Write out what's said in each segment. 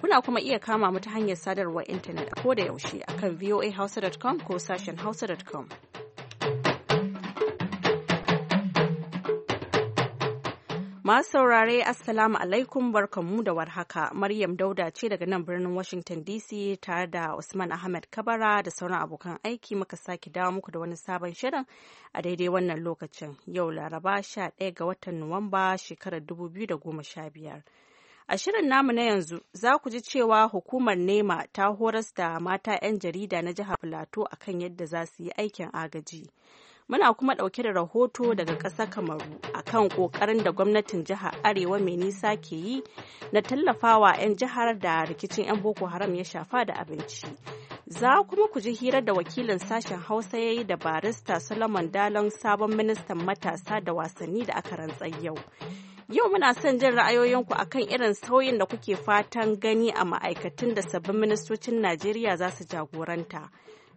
Kuna kuma iya kama mu ta hanyar sadarwar intanet ko da yaushe akan voahausa.com ko sashen hausa.com. Masu saurare Assalamu alaikum barkanmu da warhaka. Maryam Dauda ce daga nan birnin Washington DC tare da Usman Ahmed Kabara da sauran abokan aiki muka sake dawo muku da wani sabon shirin a daidai wannan lokacin. Yau Laraba 11 ga watan Nuwamba shekarar 2015. A shirin namu na yanzu za ku ji cewa hukumar NEMA ta horas da mata 'yan jarida na jihar Filato kan yadda za su yi aikin agaji. Muna kuma ɗauke da rahoto daga ƙasar Kamaru a kan ƙoƙarin da gwamnatin jihar Arewa mai nisa ke yi na tallafawa 'yan jihar da rikicin 'yan Boko Haram ya shafa da abinci. Za kuma ku ji hira da wakilin sashen Hausa ya yi da barista Solomon Dalon sabon ministan matasa da wasanni da aka rantsar yau. Yau muna son jin ra'ayoyinku akan irin sauyin da kuke fatan gani a ma'aikatun da sabbin ministocin Najeriya za su jagoranta.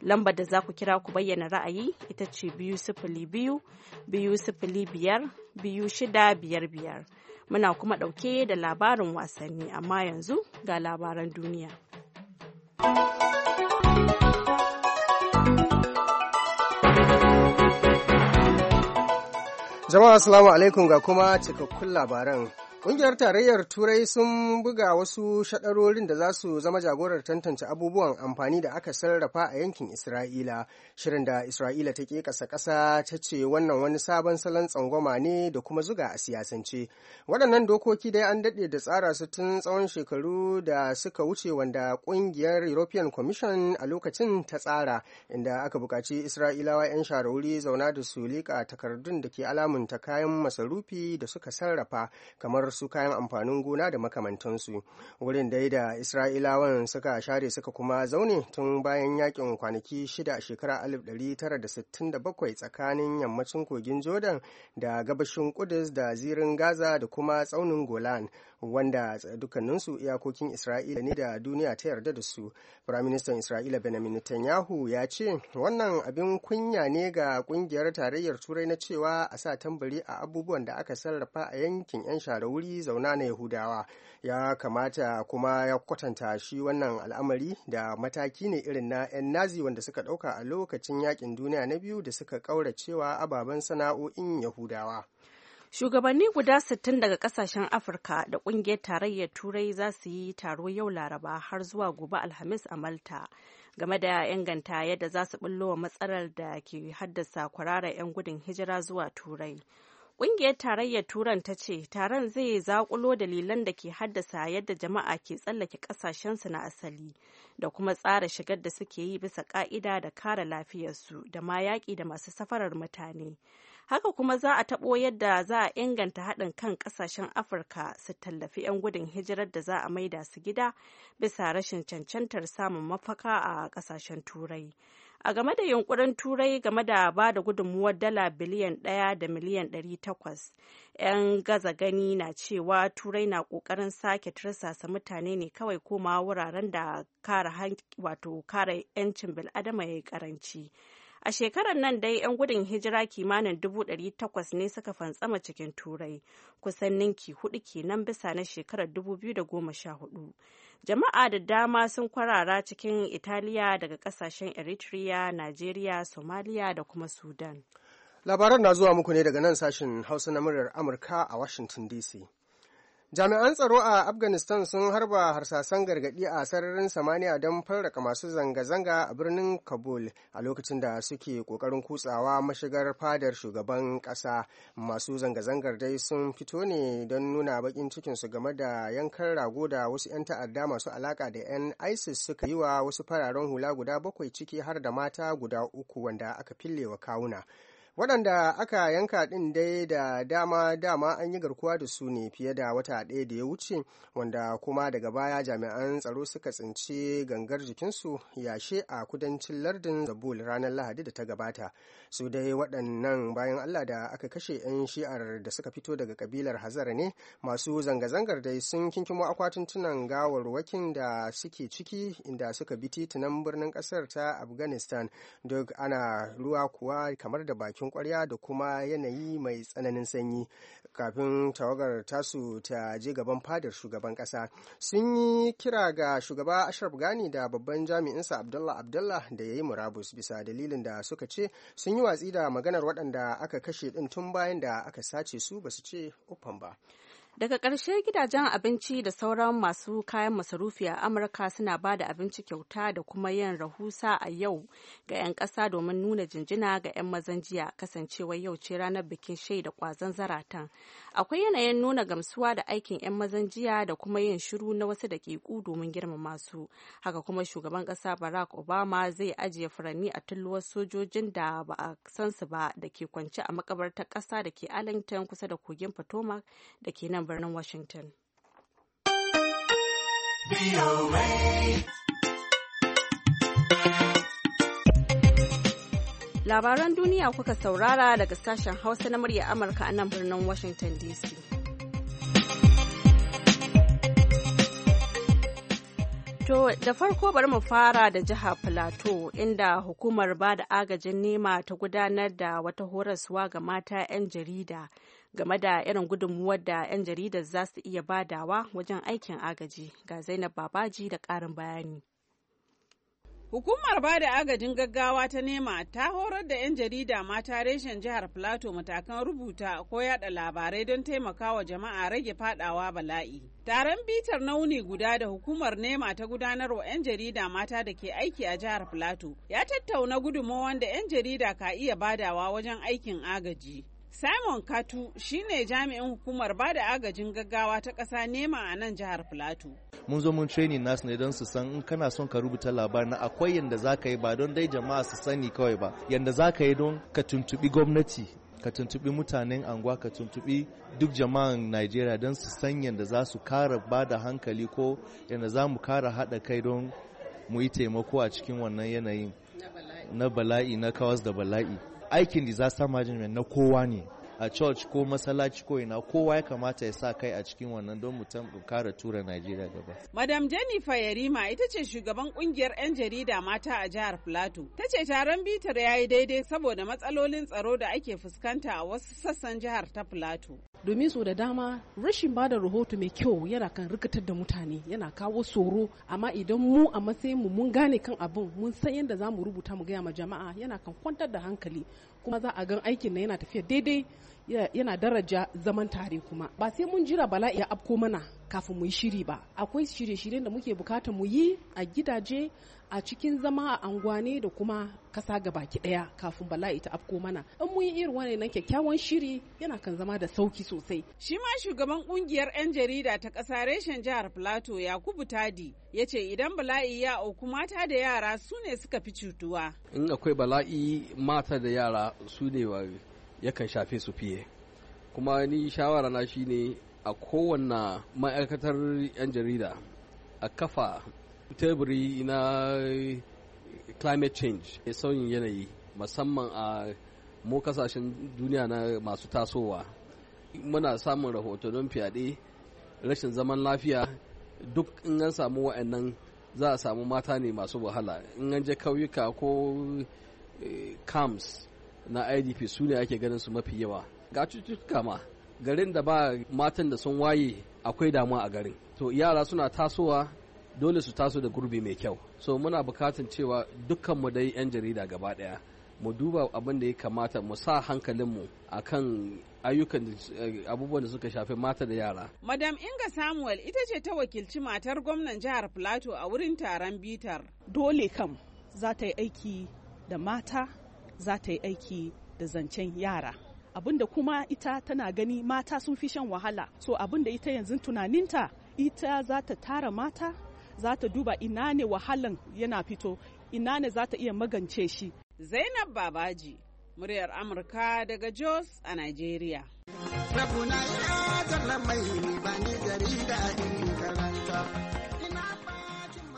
Lambar da za ku kira ku bayyana ra'ayi ita ce biyu sifili biyu, biyu sifili biyar, biyu shida biyar biyar. Muna kuma ɗauke da labarin wasanni amma yanzu ga labaran duniya. Jama'a assalamu alaikum ga kuma cikakkun labaran. Ƙungiyar tarayyar Turai sun buga wasu shaɗarorin da za su zama jagorar tantance abubuwan amfani da aka sarrafa a yankin Isra'ila. Shirin da Isra'ila ta ke ƙasa ƙasa ta ce wannan wani sabon salon tsangwama ne da kuma zuga a siyasance. Waɗannan dokoki dai an daɗe da tsara su tun tsawon shekaru da suka wuce wanda ƙungiyar European Commission a lokacin ta tsara inda aka buƙaci Isra'ilawa 'yan share wuri zauna da su liƙa takardun da ke alamunta kayan masarufi da suka sarrafa kamar su kayan amfanin gona da makamantansu wurin dai da isra'ilawan suka share suka kuma zaune tun bayan yakin kwanaki shida a shekara 1967 tsakanin yammacin kogin jordan da gabashin kudus da zirin gaza da kuma tsaunin golan wanda dukkaninsu iyakokin isra'ila ne da duniya ta yarda da su firaministan isra'ila benjamin netanyahu ya ce wannan abin kunya ne ga kungiyar tarayyar turai na cewa a sa tambari a abubuwan da aka sarrafa a yankin 'yan shara wuri zauna na yahudawa ya kamata kuma ya kwatanta shi wannan al'amari da mataki ne irin na 'yan nazi wanda suka ɗauka a lokacin yakin duniya na biyu da suka ƙauracewa ababen sana'o'in yahudawa Shugabanni guda 60 daga kasashen Afirka da kungiyar tarayyar Turai za su yi taro yau Laraba har zuwa gobe Alhamis a Malta game da inganta yadda za su wa matsalar da ke haddasa kwarara 'yan gudun hijira zuwa Turai. Ƙungiyar tarayyar Turan ta ce taron zai zaƙulo dalilan da ke haddasa yadda jama'a ke tsallake ƙasashensu na asali da kuma tsara shigar da suke yi bisa ƙa'ida da kare lafiyarsu da ma yaƙi da masu safarar mutane. haka kuma za a taɓo yadda za a inganta haɗin kan ƙasashen afirka su tallafi 'yan gudun hijirar da za a maida su gida bisa rashin cancantar samun mafaka a ƙasashen turai a game da yunkurin turai game da ba da gudunmuwar dala biliyan ɗaya da miliyan ɗari takwas yan gaza gani na cewa turai na ƙoƙarin sake tursasa mutane ne kawai koma wuraren da kare wato kare 'yancin bil'adama ya yi karanci A shekarar nan dai 'yan gudun hijira kimanin dubu ɗari takwas ne suka fantsama cikin turai kusan ninki hudu kenan bisa na shekarar dubu biyu da goma sha hudu. Jama'a da dama sun kwarara cikin Italiya daga ƙasashen Eritrea, Najeriya, Somalia da kuma Sudan. Labaran na zuwa muku ne daga nan sashen Hausa na muryar Amurka a Washington DC. Jami'an tsaro a Afghanistan sun harba harsasan gargadi a sararin samaniya don farraka masu zanga-zanga a birnin Kabul a lokacin da suke ƙoƙarin kutsawa mashigar fadar shugaban ƙasa. Masu zanga-zangar dai sun fito ne don nuna baƙin cikinsu game da yankan rago da wasu 'yan ta'adda masu alaka da 'yan ISIS suka yi wa wasu fararen hula guda bakwai ciki har da mata guda uku wanda aka fille wa kawuna. waɗanda aka yanka ɗin dai da dama dama an yi garkuwa da su ne fiye da wata ɗaya da ya wuce wanda kuma daga baya jami'an tsaro suka tsinci gangar jikinsu yashe a kudancin lardin zabul ranar lahadi da ta gabata su dai waɗannan bayan allah da aka kashe 'yan shi'ar da suka fito daga kabilar hazara ne masu zanga-zangar dai sun kinkimo akwatin tunan wakin da suke ciki inda suka bi titunan birnin ƙasar ta afghanistan duk ana ruwa kuwa kamar da bakin bakin kwarya da kuma yanayi mai tsananin sanyi kafin tawagar tasu ta je gaban fadar shugaban kasa sun yi kira ga shugaba ashraf gani da babban jami'insa abdullah abdullah da ya yi murabus bisa dalilin da suka ce sun yi watsi da maganar waɗanda aka kashe ɗin tun bayan da aka sace su ba su ce uffan ba Daga ƙarshe gidajen abinci da sauran masu kayan masarufi a Amurka suna ba da abinci kyauta da kuma yin rahusa a yau ga 'yan ƙasa domin nuna jinjina ga 'yan mazan jiya kasancewar yau ce ranar bikin shaida ƙwazon zaratan. Akwai yanayin nuna gamsuwa da aikin 'yan mazan jiya da kuma yin shiru na wasu daƙiƙu domin girmama su. Haka kuma shugaban ƙasa Barack Obama zai ajiye furanni a tulluwar sojojin da ba a san su ba da ke kwance a makabartar ƙasa da ke Arlington kusa da kogin Potomac da ke nan nan birnin Washington. Labaran duniya kuka saurara daga sashen Hausa na murya Amurka a nan birnin Washington DC. To da farko bari mu fara da jiha Filato inda hukumar ba da agajin nema ta gudanar da wata horaswa ga mata 'yan jarida game da irin gudunmuwar da 'yan jaridar za su iya badawa wajen aikin agaji ga zainab babaji da ƙarin bayani Hukumar ba da agajin gaggawa ta nema ta horar da 'yan jarida mata reshen jihar Filato matakan rubuta ko yada labarai don taimakawa jama'a rage fadawa bala'i. Taron bitar nauni guda da hukumar nema ta gudanarwa 'yan jarida mata da ke aiki a jihar Filato ya tattauna gudunmawar da 'yan jarida ka iya badawa wajen aikin agaji. Simon Katu shine jami'in hukumar ba da agajin gaggawa ta ƙasa nema a nan jihar Filato. Mun zo mun training nasu ne don su san in kana son ka rubuta labarin na akwai yadda za ka yi ba don dai jama'a su sani kawai ba. yadda za ka yi don ka tuntuɓi gwamnati, ka tuntuɓi mutanen anguwa, ka tuntuɓi duk jama'an Najeriya don su san yadda za su kara ba da hankali ko yadda za mu kara haɗa kai don mu yi taimako a cikin wannan yanayin na bala'i na kawas da bala'i. aikin disaster management na kowa ne a church ko masallaci ko ina kowa ya kamata ya sa kai a cikin wannan don mu kara tura Najeriya gaba. Madam Jennifer Yarima ita ce shugaban kungiyar 'yan jarida mata a jihar Plateau. Ta ce taron bitar ya yi daidai saboda matsalolin tsaro da ake fuskanta a wasu sassan jihar ta Plateau. domin so da dama rashin ba da rahoto mai kyau yana kan rikitar da mutane yana kawo tsoro amma idan mu a matsayin mu mun gane kan abin mun san yadda za mu rubuta mu gaya ma jama'a yana kan kwantar da hankali kuma za a gan aikin na yana tafiya daidai yana daraja zaman tare kuma ba sai mun jira bala'i ya afko mana kafin mu yi shiri ba akwai shirye-shiryen da muke bukata mu yi a gidaje a cikin zama a angwane da kuma kasa ga baki daya kafin bala'i ta afko mana in mun yi irin wannan kyakkyawan shiri yana kan zama da sauki sosai shi ma shugaban kungiyar 'yan jarida ta kasa reshen jihar plateau yakubu tadi ya ce idan bala'i ya auku mata da yara su ne suka fi cutuwa in akwai bala'i mata da yara su ne yakan shafe su fiye kuma ni shawara na shine a kowanne ma'aikatar 'yan jarida a kafa teburi na climate change ya sauyin yanayi musamman a mu kasashen duniya na masu tasowa muna samun rahotannin fyaɗe rashin zaman lafiya duk in an samu wa'annan za a samu mata ne masu wahala in an je kauyuka ko eh, camps na idp su ne ake ganin su mafi yawa ga cututtuka ma garin da ba matan da sun waye akwai damuwa a garin to yara suna tasowa dole su taso da gurbi mai kyau so muna bukatan cewa dukkanmu dai 'yan jarida gaba daya mu duba abin da ya kamata mu sa hankalinmu akan ayyukan eh, abubuwan da suka shafi mata da yara. Madam Inga Samuel ita ce ta wakilci matar gwamnan jihar Plateau a wurin taron bitar. Dole kam za ta yi aiki da mata za ta yi aiki da zancen yara da kuma ita tana gani mata sun fi shan wahala so da ita yanzu tunaninta ita za ta tara mata za ta duba ina ne wahalan yana fito ina ne za ta iya magance shi zainab babaji muryar amurka daga jos a nigeria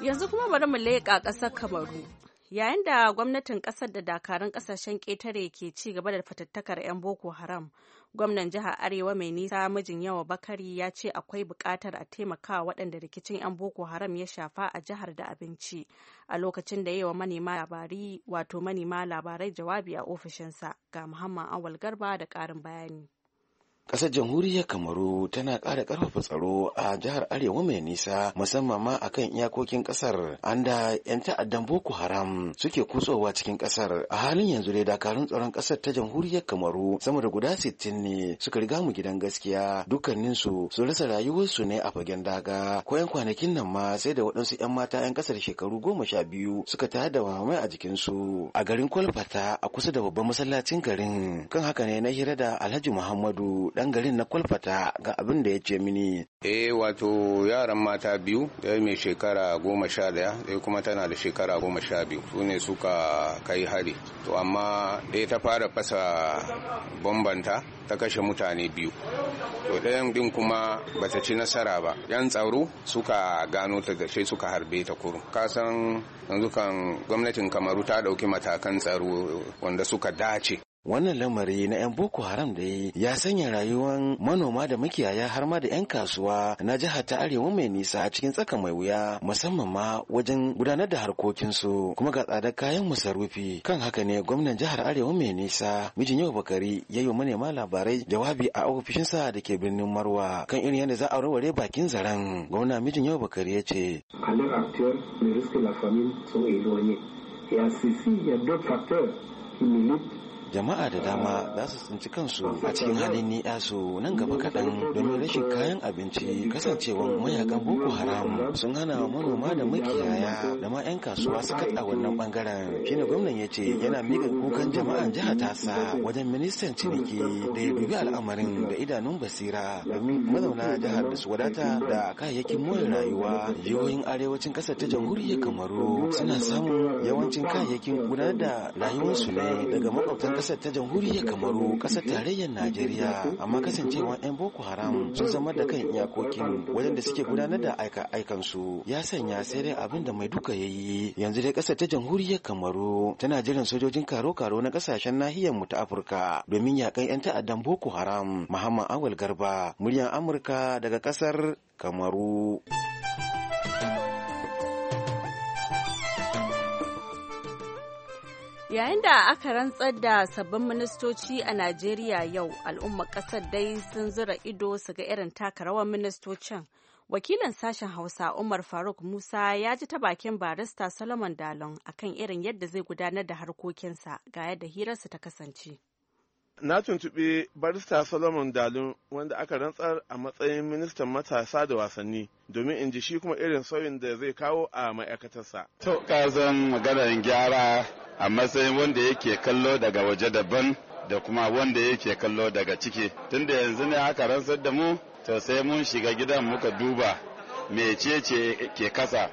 yanzu kuma bari mu leƙa ƙasar kamaru yayin da gwamnatin kasar da dakarun kasashen ƙetare ke ci gaba da fatattakar 'yan boko haram gwamnan jihar arewa mai nisa mijin yawa bakari ya ce akwai bukatar a taimaka waɗanda rikicin 'yan boko haram ya shafa a jihar da abinci a lokacin da yawa manema labari wato manema labarai jawabi a ofishinsa ga muhammad awal garba da ƙarin bayani Ƙasar jamhuriyar Kamaru tana ƙara ƙarfafa tsaro a jihar Arewa mai nisa musamman ma a kan iyakokin ƙasar Anda da 'yan ta'addan Boko Haram suke kutsowa cikin ƙasar. A halin yanzu dai dakarun tsaron ƙasar ta jamhuriyar Kamaru sama da guda sittin ne suka riga mu gidan gaskiya dukkaninsu su rasa rayuwarsu ne a fagen daga. Ko 'yan kwanakin nan ma sai da waɗansu 'yan mata 'yan ƙasar shekaru goma sha biyu suka tayar da mamai a jikinsu a garin Kwalfata a kusa da babban masallacin garin. Kan haka ne na hira da Alhaji Muhammadu ɗan garin na kwalfata ga abin da ya ce mini. Eh wato yaran mata biyu ɗaya mai shekara goma sha ɗaya ɗaya kuma tana da shekara goma sha biyu su ne suka kai hari. To amma ɗaya ta fara fasa bambanta ta kashe mutane biyu. To ɗayan ɗin kuma bata ci nasara ba. Yan tsaro suka gano ta gashe suka harbe ta kurum. Kasan yanzu kan gwamnatin Kamaru ta ɗauki matakan tsaro wanda suka dace wannan lamari na 'yan boko haram da yi ya sanya rayuwar manoma da makiyaya har ma da 'yan kasuwa na jihar ta arewa mai nisa a cikin tsaka mai wuya musamman ma wajen gudanar da harkokinsu kuma ga tsadar kayan masarufi kan haka ne gwamnan jihar arewa mai nisa mijin yau bakari ya yi manema labarai jawabi a ofishinsa da ke birnin marwa kan irin yadda za a warware bakin zaren gwamna mijin yau bakari ya ce ya il y jama'a da dama za su tsinci kansu a cikin halin ni'a su nan gaba kaɗan domin rashin kayan abinci kasancewan mayakan boko haram sun hana manoma da makiyaya da ma 'yan kasuwa su kaɗa wannan ɓangaren shine gwamnan ya ce yana miƙa kukan jama'an jiha tasa wajen ministan ciniki da ya dubi al'amarin da idanun basira domin mazauna jihar da su wadata da kayayyakin more rayuwa jihohin arewacin ƙasar ta jamhuriyar kamaru suna samun yawancin kayayyakin gudanar da rayuwarsu ne daga makwabtan kasar ta jamhuriyar kamaru kasar tarayyar najeriya amma kasancewa 'yan boko haram sun zama da kan iyakokin wajen suke gudanar da aika aikansu ya sanya sai dai abin da mai duka ya yi yanzu dai kasar ta jamhuriyar kamaru tana jiran sojojin karo karo na kasashen nahiyar mu ta afirka domin yakan 'yan ta'addan boko haram muhammad awal garba muryar amurka daga kasar kamaru. Yayin da aka rantsar da sabbin ministoci a Najeriya yau, al'ummar ƙasar dai sun zura ido su ga irin taka rawar ministocin. Wakilin sashen Hausa Umar Faruk Musa ya ji ta bakin barista Solomon Dalon akan irin yadda zai gudanar da harkokinsa ga yadda hirarsa ta kasance. Na tuntuɓi barista Solomon Dalun wanda aka rantsar a matsayin ministan matasa da wasanni domin in ji shi kuma irin sauyin da zai kawo a ma'aikatarsa. To, kazan maganar gyara a matsayin wanda yake kallo daga waje daban da kuma wanda yake kallo daga ciki. Tunda yanzu ne aka rantsar da mu, to sai mun shiga gidan muka duba mecece ke kasa.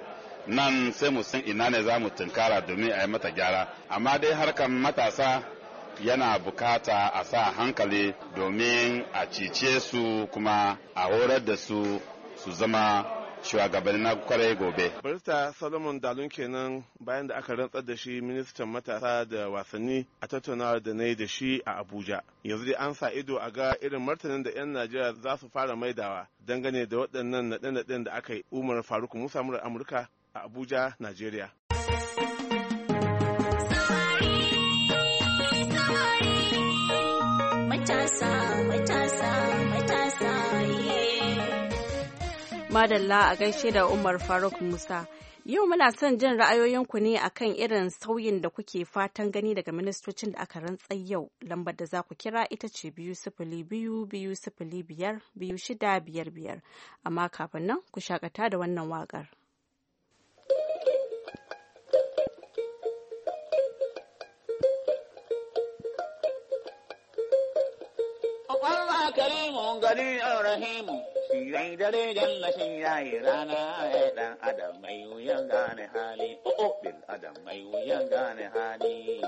Nan sai mu san ina ne za mu tunkara domin a yi mata gyara. Amma dai harkar matasa yana bukata a sa hankali domin a cice su kuma a horar da su su zama shugabanni na kwarai gobe. Barista Solomon Dalun kenan bayan da aka rantsar da shi ministan matasa da wasanni a tattaunawar da na yi da shi a Abuja. Yanzu dai an sa ido a ga irin martanin da 'yan Najeriya za su fara maidawa dangane da waɗannan naɗe-naɗen da aka yi Umar Faruk Musa Amurka a Abuja, Najeriya. Madalla a gaishe da Umar Faruk Musa. Yau muna son jin ra'ayoyinku ne akan irin sauyin da kuke fatan gani daga ministocin da aka rantsa yau. Lambar da za ku kira ita ce biyu sifili biyu biyu sifili biyar biyu shida biyar biyar. Amma kafin nan ku shakata da wannan waƙar. Allah karimu gari rahimu shi rai dare janna shi yayi rana ya e dan adam mai wuyan gane hali o oh, oh, bil adam mai wuyan gane hali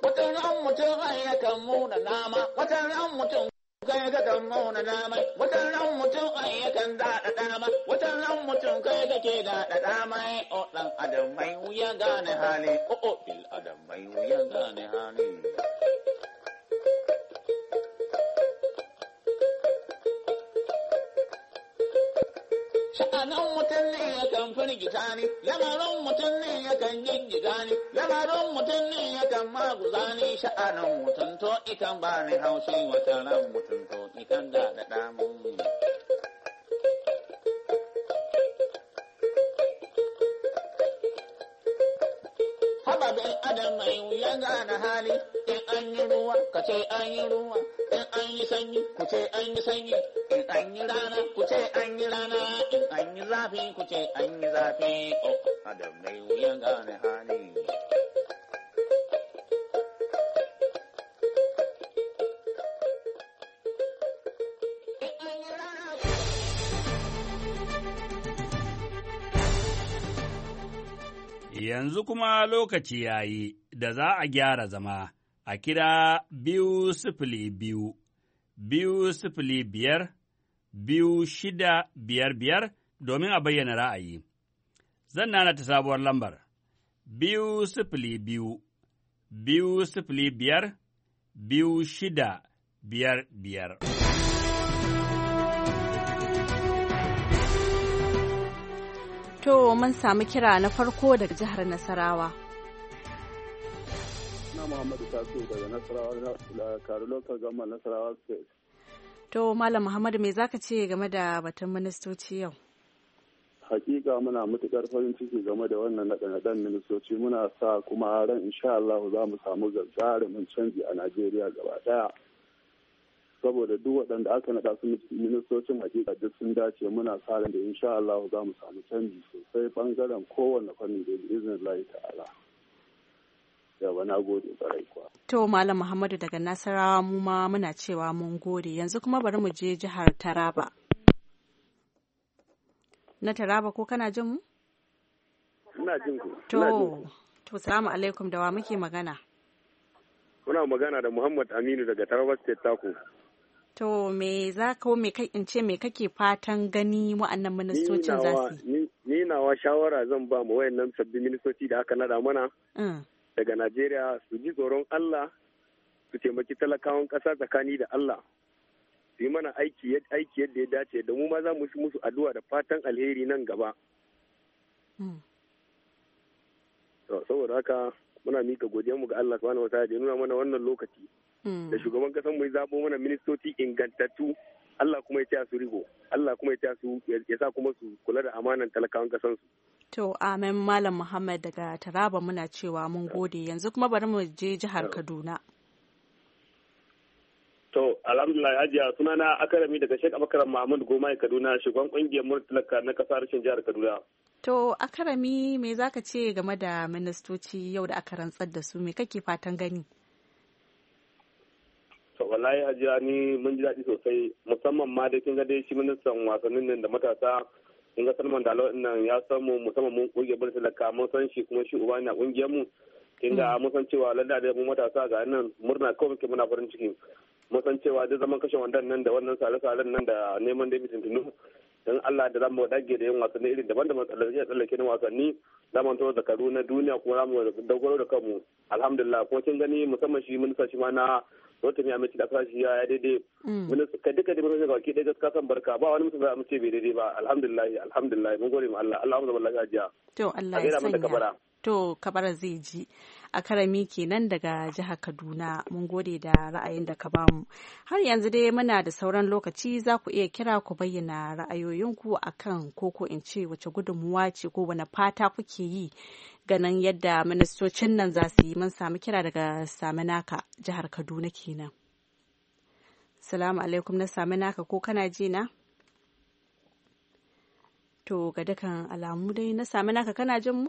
wata ran mutum ai yakan muna nama wata ran mutum kai ga kan muna nama wata ran mutum ai yakan daɗa dama wata ran mutum kai ga ke daɗa dama o oh, dan adam mai wuyan gane hali o bil adam mai wuyan gane hali tunanin mutum ne yakan firgita ne lamarin mutum ne yin gingiga ne lamarin mutum ne yakan maguza ne sha'anin mutum to ikan ba ni haushi wata ran mutum to ikan da da damun adam mai wuyan gane hali an yi ruwa ka ce an yi ruwa in an yi sanyi ku ce an yi sanyi in an yi rana ku ce an yi rana in an yi zafi ku ce an yi zafi oh adam mai wuyan gane hali Yanzu kuma lokaci ya yi da za a gyara zama. a kira biyu sifili biyu, biyu sifili biyar, biyu shida biyar biyar domin a bayyana ra'ayi. Zan nana ta sabuwar lambar, biyu sifili biyu, biyu sifili biyar, biyu shida biyar biyar. To, mun sami kira na farko daga jihar Nasarawa. sunana Muhammadu Tasu daga Nasarawa da Karulokar Gama Nasarawa State. To Malam Muhammadu me zaka ce game da batun ministoci yau? Hakika muna matukar farin ciki game da wannan naɗe-naɗen ministoci muna sa kuma ran insha Allah za mu samu mun canji a Najeriya gaba ɗaya. saboda duk waɗanda aka naɗa su ministocin hakika duk sun dace muna sa da insha Allah za mu samu canji sosai ɓangaren kowane fannin da izinin Allah ta'ala. yawa na gode tsarai kuwa. To Malam Muhammadu daga Nasarawa mu ma muna cewa mun gode yanzu kuma bari mu je jihar Taraba. Na Taraba ko kana jin mu? Ina jin ku. To, to salamu alaikum da wa muke magana. Kuna magana da Muhammad Aminu daga Taraba State Tako. To me za ka me in ce me kake fatan gani wa'annan ministocin za su yi? Ni nawa shawara zan ba mu wayannan sabbin ministoci da aka nada mana. Mm. daga najeriya su ji tsoron allah su taimaki talakawan ƙasa tsakani da allah su yi mana aiki yadda ya dace da mu ma za mu musu addu'a da fatan alheri nan gaba hmm. saboda haka muna mika mu ga Allah subhanahu wa ta'ala da nuna mana wannan lokaci hmm. da shugaban kasan mu ya zabo mana ministoci ingantattu Allah kuma ya su rigo Allah kuma ya su ya sa kuma su kula da amanan talakawan kasan su to amen malam Muhammad daga Taraba muna cewa mun gode yanzu kuma bari mu je jihar Kaduna to alhamdulillah hajiya sunana akarami daga Sheikh abakar Muhammad Goma Kaduna shugaban kungiyar murtalaka na kasar jihar Kaduna To akarami me zaka ce game da ministoci yau da aka rantsar da su me kake fatan gani? to wallahi ajiya ni mun ji daɗi sosai musamman ma da kin ga dai shi ministan wasannin nan da matasa in ga Salman Dalo nan ya san mu musamman mun kungiyar Bani Talaka mun san shi kuma shi uba ne a kungiyar mu kin ga mun san cewa lalla da mu matasa ga nan murna kawai muke muna farin ciki mun san cewa da zaman kashe wannan nan da wannan sare-sare nan da neman da tunu don Allah da zamu dage da yin wasanni irin daban-daban tsallake na wasanni zamu to zakaru na duniya kuma zamu dogaro da kanmu alhamdulillah ko kin gani musamman shi mun shi ma na wata mai amince da kashi ya daidai mm. wani ka duka da mutum ke ɗaya gaskiya san barka ba wani mutum za a mace bai daidai ba alhamdulillah alhamdulillah mun gode ma Allah Allah mu zama lafiya jiya to Allah ya sanya to kabara zai ji a karami kenan daga jihar kaduna mun gode da ra'ayin da ka bamu har yanzu dai muna da sauran lokaci za ku iya kira ku bayyana ra'ayoyinku a kan koko in ce wace gudunmuwa ce ko wani fata kuke yi ganin yadda ministocin nan za su yi mun samu kira daga saminaka jihar kaduna kenan salamu alaikum na saminaka ko kana ji na to ga dukan alamu dai na saminaka kana jin mu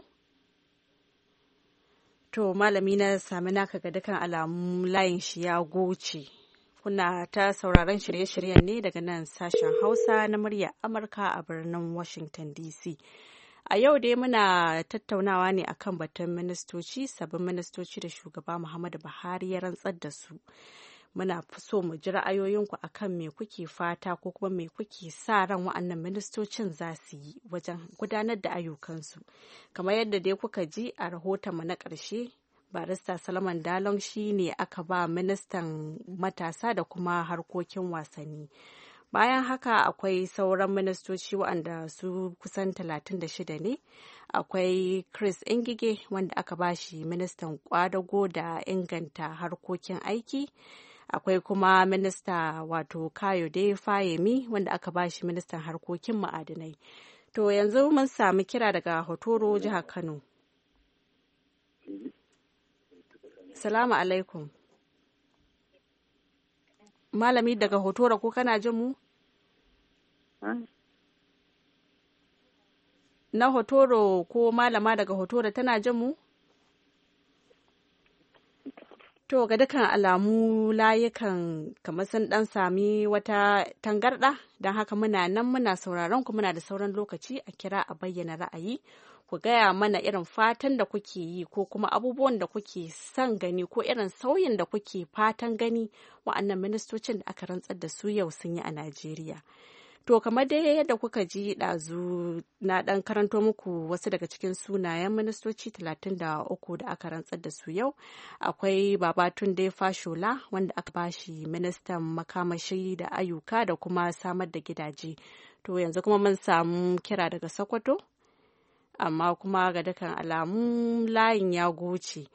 To malami na sami naka ga dukan alamu layin shi ya goce. Kuna ta sauraron shirye-shiryen ne daga nan sashen Hausa na murya Amurka a birnin Washington DC. A yau dai muna tattaunawa ne akan batun ministoci, sabbin ministoci da shugaba Muhammadu Buhari ya rantsar da su. muna so mu ji ra'ayoyinku akan me kuke fata ko kuma me kuke sa ran wa'annan ministocin za su yi wajen gudanar da ayyukansu kamar yadda dai kuka ji a rahoton mu na ƙarshe barista salaman dalon shi ne aka ba ministan matasa da kuma harkokin wasanni bayan haka akwai sauran ministoci waɗanda su kusan 36 ne akwai chris ingige wanda aka ba shi ministan kwadago da inganta harkokin aiki akwai kuma minista wato kayode fayemi wanda aka bashi ministan harkokin ma'adinai to yanzu mun sami kira daga hotoro jihar kano salamu alaikum malami daga hotoro ko kana jin mu na hotoro ko malama daga hotoro tana jin mu To ga dukkan alamu layukan kamar sun dan sami wata tangarda don haka muna nan muna sauraron ku muna da sauran lokaci a kira a bayyana ra'ayi ku gaya mana irin fatan da kuke yi ko kuma abubuwan da kuke son gani ko irin sauyin da kuke fatan gani wa'annan ministocin da aka rantsar da su yau sun yi a Najeriya. To kamar dai yadda kuka ji ɗazu na ɗan karanto muku wasu daga cikin sunayen ministoci talatin da uku da aka rantsar da su yau akwai babatun dai fashola wanda aka bashi ministan makamashi da ayyuka da kuma samar da gidaje. To yanzu kuma mun samu kira daga Sokoto amma kuma ga dukan alamun layin ya goce.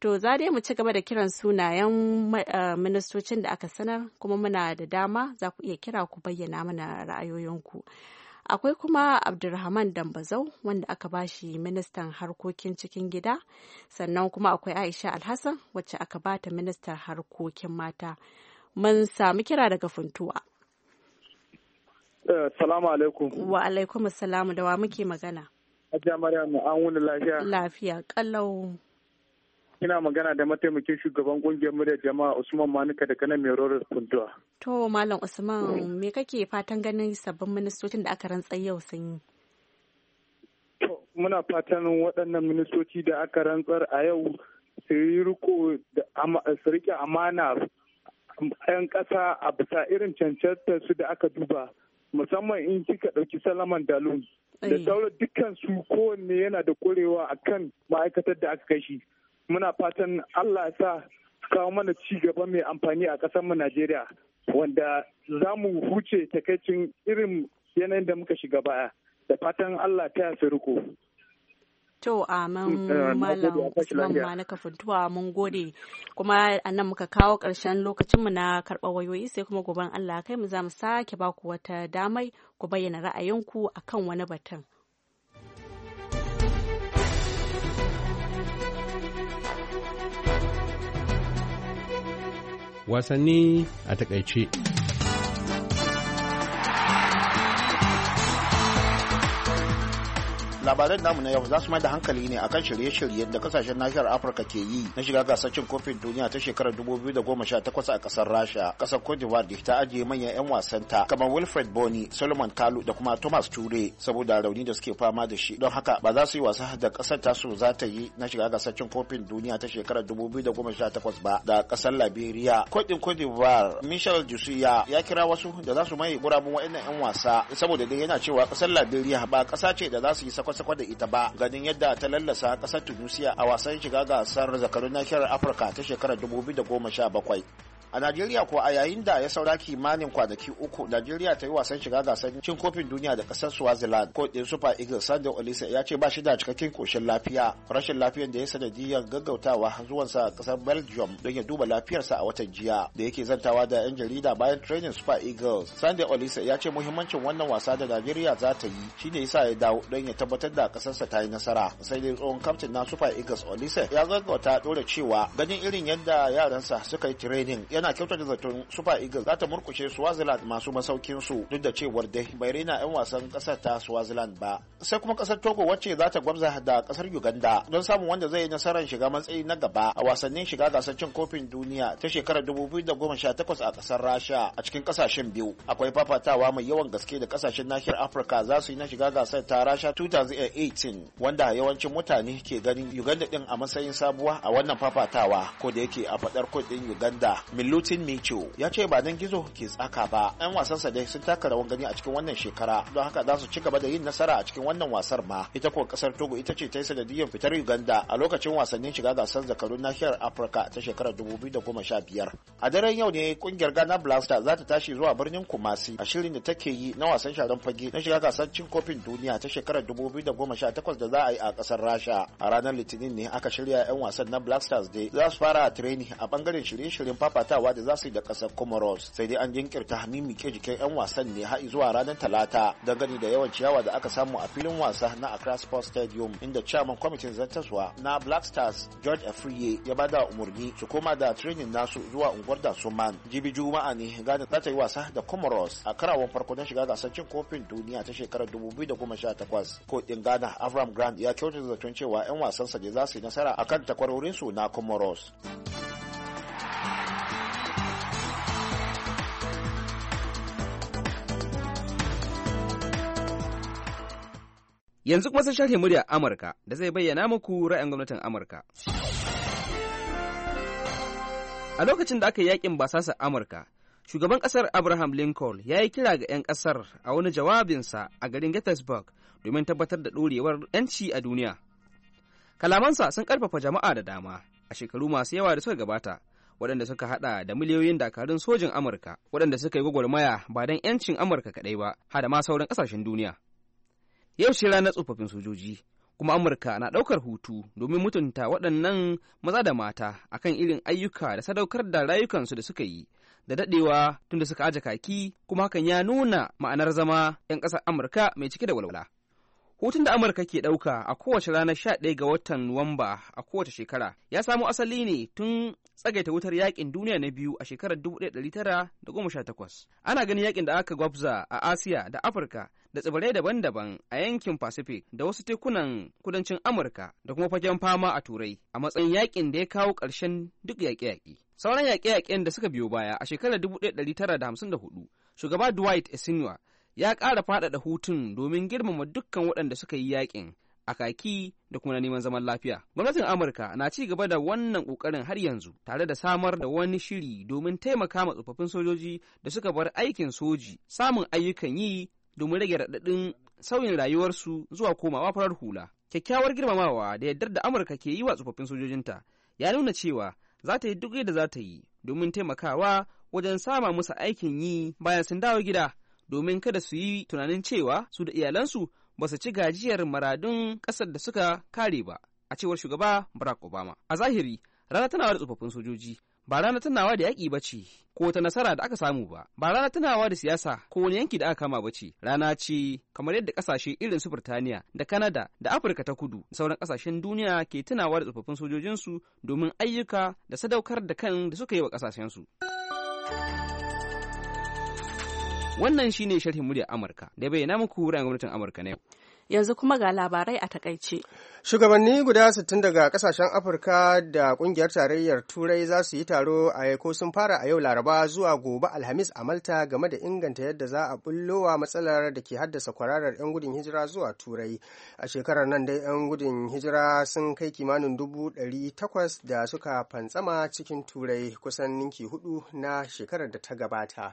To za dai mu ci gaba da kiran sunayen eh, ministocin da aka sanar kuma muna da dama za ku iya kira ku bayyana mana ra'ayoyinku. Akwai kuma Abdulrahman Dambazau wanda aka bashi ministan harkokin cikin gida, sannan kuma akwai Aisha Alhassan wacce aka bata ministan harkokin mata. Mun sami kira daga Funtuwa. Eh, salamu alaikum. Wa alaikum salamu da wa muke magana. Ajiya Maryam an wuni lafiya. Lafiya kalau. Ina magana da mataimakin shugaban kungiyar muryar jama'a Usman Manuka daga mai Merorar Kuntuwa. To Malam Usman me kake fatan ganin sabbin ministocin da aka rantsar yau sun yi? Muna fatan waɗannan ministoci da aka rantsar a yau su yi riko su amana 'yan ƙasa a bisa irin cancantar su da aka duba musamman in kika ɗauki salaman dalun da sauran dukkan su kowanne yana da ƙwarewa akan ma'aikatar da aka kashi. muna fatan allah ya sa kawo mana ci gaba mai amfani a ƙasarmu najeriya wanda za mu huce takaicin irin yanayin da muka shiga baya da fatan allah ta yasa riko To mm, eh, a man malam na kafintuwa mun gode kuma a nan muka kawo ƙarshen lokacinmu na karɓar wayoyi sai kuma gobe Allah kai mu za mu sake baku wata damai ku bayyana ra'ayinku akan wani batun. wasanni a takaice. labaran namu na yau za su mai da hankali ne akan shirye-shiryen da kasashen nahiyar afirka ke yi na shiga gasar cin kofin duniya ta shekarar 2018 a kasar rasha kasar cote d'ivoire ta ajiye manyan 'yan wasan ta kamar wilfred boni solomon kalu da kuma thomas ture saboda rauni da suke fama da shi don haka ba za su yi wasa da kasar tasu za ta yi na shiga gasar cin kofin duniya ta shekarar 2018 ba da kasar liberia cote cote d'ivoire michel jusiya ya kira wasu da za su mai gurabun wa'annan 'yan wasa saboda dai yana cewa kasar liberia ba kasa ce da za su yi sakwas sakwa da ita ba ganin yadda ta lallasa kasar tunisia a wasan shiga gasar zakarun nashiyar afirka ta shekarar 2017 a najeriya ko a yayin da ya saura kimanin kwanaki uku najeriya ta yi wasan shiga gasar cin kofin duniya da kasar swaziland ko din super eagles sandy olisa ya ce ba shi da cikakken koshin lafiya rashin lafiyar da ya sanadiyar gaggautawa zuwansa a kasar belgium don ya duba lafiyarsa a watan jiya da yake zantawa da yan jarida bayan training super eagles sandy olisa ya ce muhimmancin wannan wasa da najeriya za ta yi shine yasa ya dawo don ya tabbatar da kasarsa ta yi nasara sai dai tsohon kamtin na super eagles olisa ya gaggauta dora cewa ganin irin yadda yaransa suka yi training yana ana kyautata zaton super eagles za ta murkushe swaziland masu masaukin su duk da cewar dai bai raina yan wasan kasar ta swaziland ba sai kuma kasar togo wacce za ta gwabza da kasar uganda don samun wanda zai yi nasarar shiga matsayi na gaba a wasannin shiga gasar cin kofin duniya ta shekarar dubu biyu da goma sha takwas a kasar rasha a cikin kasashen biyu akwai fafatawa mai yawan gaske da kasashen nahiyar afirka za su yi na shiga gasar ta rasha 2018 wanda yawancin mutane ke ganin uganda din a matsayin sabuwa a wannan fafatawa ko da yake a faɗar kudin uganda Lutin Micho ya ce ba dan gizo ke tsaka ba. 'Yan wasansa dai sun taka rawan gani a cikin wannan shekara don haka za su ci gaba da yin nasara a cikin wannan wasar ma. Ita kuwa kasar Togo ita ce ta yi sanadiyyar fitar Uganda a lokacin wasannin shiga gasar zakarun nahiyar Afirka ta shekarar 2015. A daren yau ne kungiyar Ghana Blaster za ta tashi zuwa birnin Kumasi a shirin da take yi na wasan sharan fage na shiga gasar cin kofin duniya ta shekarar 2018 da za a yi a kasar Rasha. A ranar Litinin ne aka shirya 'yan wasan na Black Stars Day za su fara a training a bangaren shirye-shiryen fafata fafatawa da za su yi da kasar comoros sai dai an jinkirta hannun ke jikin 'yan wasan ne har zuwa ranar talata dangane da yawan ciyawa da aka samu a filin wasa na accra sports stadium inda chairman kwamitin zantaswa na black stars george afriye ya ba da umarni su koma da training nasu zuwa unguwar da suman jibi juma'a ne gana za ta yi wasa da comoros a karawan farko na shiga gasar cin kofin duniya ta shekarar da 2018 ko in gana avram grant ya kyautata zaton cewa 'yan wasansa ne za su yi nasara akan takwarorinsu na comoros Yanzu kuma sai sharhi murya Amurka da zai bayyana muku ra'ayin gwamnatin Amurka. A lokacin da aka yi yakin basasa Amurka, shugaban kasar Abraham Lincoln ya yi kira ga 'yan kasar a wani jawabinsa a garin Gettysburg domin tabbatar da ɗorewar 'yanci a duniya. Kalamansa sun ƙarfafa jama'a da dama a shekaru masu yawa da suka gabata, waɗanda suka haɗa da miliyoyin dakarun sojin Amurka, waɗanda suka yi gwagwarmaya ba don 'yancin Amurka kaɗai ba, har ma sauran ƙasashen duniya. Yau shi ranar tsofaffin sojoji, kuma Amurka na ɗaukar hutu domin mutunta waɗannan maza da mata akan irin ayyuka da sadaukar da rayukansu da suka yi da daɗewa tunda suka aje kaki kuma hakan ya nuna ma'anar zama 'yan ƙasar Amurka mai cike da walwala. Hutun da Amurka ke ɗauka a kowace ranar ɗaya ga watan Nuwamba a kowace shekara ya samo asali ne tun tsagaita wutar Yaƙin duniya na biyu a shekarar 1918. Ana ganin yaƙin da aka gwabza a Asiya da Afirka da tsibirai daban-daban a yankin Pacific da wasu tekunan kudancin Amurka da kuma fagen fama a Turai a matsayin yaƙin da ya kawo ƙarshen duk yaƙe-yaƙe. Sauran yaƙe-yaƙen da suka biyo baya a shekarar 1954 shugaba Dwight Eisenhower ya ƙara faɗaɗa hutun domin girmama dukkan waɗanda suka yi yaƙin a kaki da kuma neman zaman lafiya. Gwamnatin Amurka na ci gaba da wannan ƙoƙarin har yanzu tare da samar da wani shiri domin taimaka ma tsofaffin sojoji da suka bar aikin soji samun ayyukan yi domin rage raɗaɗin sauyin rayuwarsu zuwa komawa farar hula. Kyakkyawar girmamawa da yardar da Amurka ke yi wa tsofaffin sojojinta ya nuna cewa za ta yi duk yadda za ta yi domin taimakawa wajen sama musu aikin yi bayan sun dawo gida. domin kada su yi tunanin cewa su da iyalansu ba su ci gajiyar maradun ƙasar da suka kare ba a cewar shugaba barack obama a zahiri rana tana da tsofaffin sojoji ba rana tunawa da yaƙi ba ce ko ta nasara da aka samu ba ba rana tunawa da siyasa ko wani yanki da aka kama ba ce rana ce kamar yadda ƙasashe irin su Birtaniya da Kanada da Afirka ta kudu sauran ƙasashen duniya ke tunawa da tsofaffin sojojinsu domin ayyuka da sadaukar da kan da suka yi wa ƙasashensu. Wannan shine sharhin muryar Amurka da bayyana muku ra'ayin gwamnatin Amurka ne. yanzu kuma ga labarai a takaice. Shugabanni guda 60 daga kasashen Afirka da kungiyar tarayyar Turai za su yi taro a ko sun fara a yau Laraba zuwa gobe Alhamis a Malta game da inganta yadda za a bullowa matsalar da ke haddasa kwararar 'yan gudun hijira zuwa Turai. A shekarar nan dai 'yan gudun hijira sun kai kimanin dubu ɗari takwas da suka fantsama cikin Turai kusan ninki hudu na shekarar da ta gabata.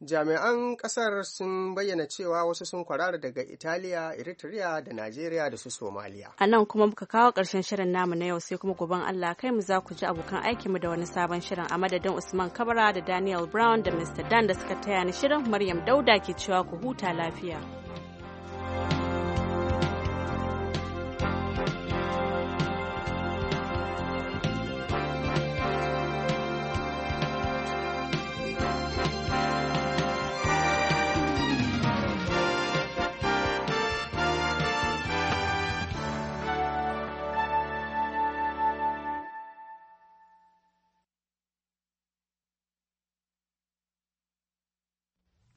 jami'an kasar sun bayyana cewa wasu sun kwarara daga italiya eritrea da najeriya da su Somalia. a nan kuma muka kawo ƙarshen shirin namu na yau sai kuma goben allah kai mu za ku ji abokan aikinmu da wani sabon shirin a madadin usman kabara da daniel brown da mr dan da suka taya ni shirin maryam dauda ke cewa ku huta lafiya